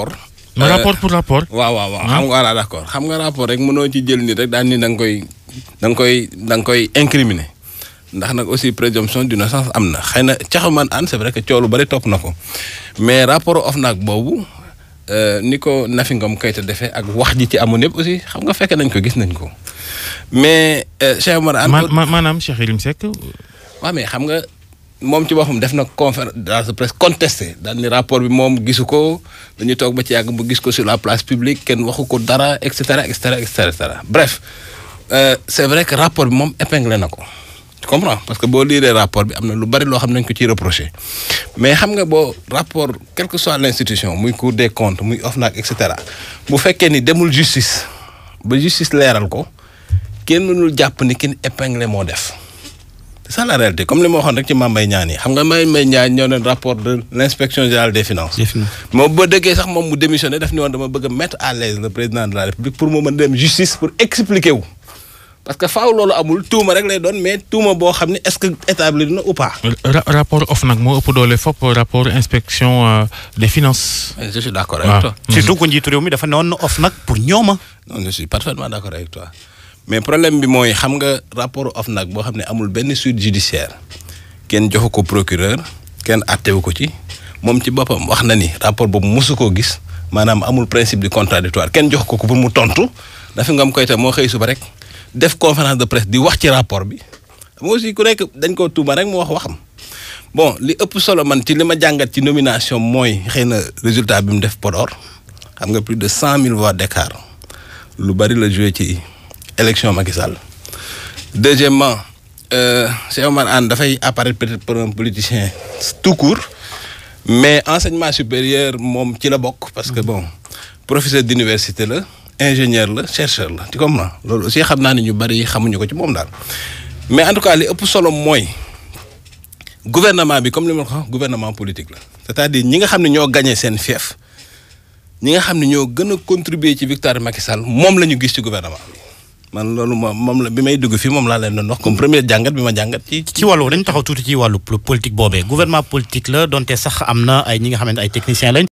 Euh, rapport. pour rapport. waaw waaw waaw ah. xam nga voilà d' xam nga rapport rek mënoo ci jël nit rek daal ni da nga koy da nga koy da nga koy incriminer ndax nag aussi présomption d'innocence am na xëy na caxumaan an c'est vrai que coow lu bari topp na ko mais rapport OFNAC boobu euh, ni ko Nafi Ngom Keïta defee ak wax ji ci amoon yëpp aussi xam nga fekk nañ ko gis nañ ko mais. Euh, Cheikh Omar Anne maanaam Cheikh Yerim Seck. waaw xam nga. moom ci waxam def na conférence de presse contesté daal ni rapport bi moom gisu ko dañu toog ba ci yàgg mu gis ko sur la place publique kenn waxu ko dara et cetera et cetera et cetera bref euh, c'est vrai que rapport bi moom épinglé na ko. tu comprends parce que boo liiree rapport bi am na lu bari loo xam nañ ko ci reproché mais xam nga boo rapport quelle que soit l'institution muy cour des comptes muy OFNAC et cetera bu fekkee ni demul justice ba justice leeral ko kenn mënul jàpp ni kin épinglé moo def c'est ça la réalité comme li ma waxoon rek ci Mame Mbaye xam nga rapport de l'inspection générale des finances. Mais ba dëggee sax moom mu démissionné daf ni woon dama mettre à l'aise le président de la république pour me demander dem justice pour expliquer wu. parce que faaw loolu amul tuuma rek lay doon mais tuuma boo xam est-ce que établi ou pas. rapport OFNAC pour dans doole fop rapport inspection euh, des finances. je suis d'accord avec toi. surtout ko njiitu réew mi dafa faire non na OFNAC pour nous. Ah. non je suis parfaitement d'accord avec toi. mais problème bi mooy xam nga rapport OFNAC boo xam ne amul benn suite judiciaire kenn joxu ko procureur kenn àttewu ko ci moom ci boppam wax na ni rapport boobu mosu koo gis maanaam amul principe du contradictoire kenn jox ko ko pour mu tontu dafa nga am koy te moo xëy suba rek def conférence de presse di wax ci rapport bi moo aussi ku rek dañ koo tuuma rek mu wax waxam bon li ëpp solo man ci li ma jàngat ci nomination mooy xëy na résultat bi mu def Podor xam nga plus de cent mille voix d'écart lu bari la joué ci. élection Macky Sall deuxièmement euh, c'est un Anne qui apparaître peut-être pour un politicien tout court mais enseignement supérieur moom ci la parce que mhm. bon professeur d'université là, ingénieur là, chercheur là, tu comprends c'est aussi que nous avons fait. bari xamuñu ko mais en tout cas les ëpp solo gouvernement bi comme le gouvernement politique là, c'est-à-dire ñi nga que ñoo gagné sen fief nous avons contribué à ñoo a contribuer ci victoire Macky Sall nous avons gouvernement man loolu moom moom la bi may dugg fi moom la leen doon wax comme premier jàngat bi ma jàngat. ci ci wàllu dañu taxaw tuuti ci wàllu politique boobee gouvernement politique la donte sax am na ay ñi nga xamante ay techniciens lañ.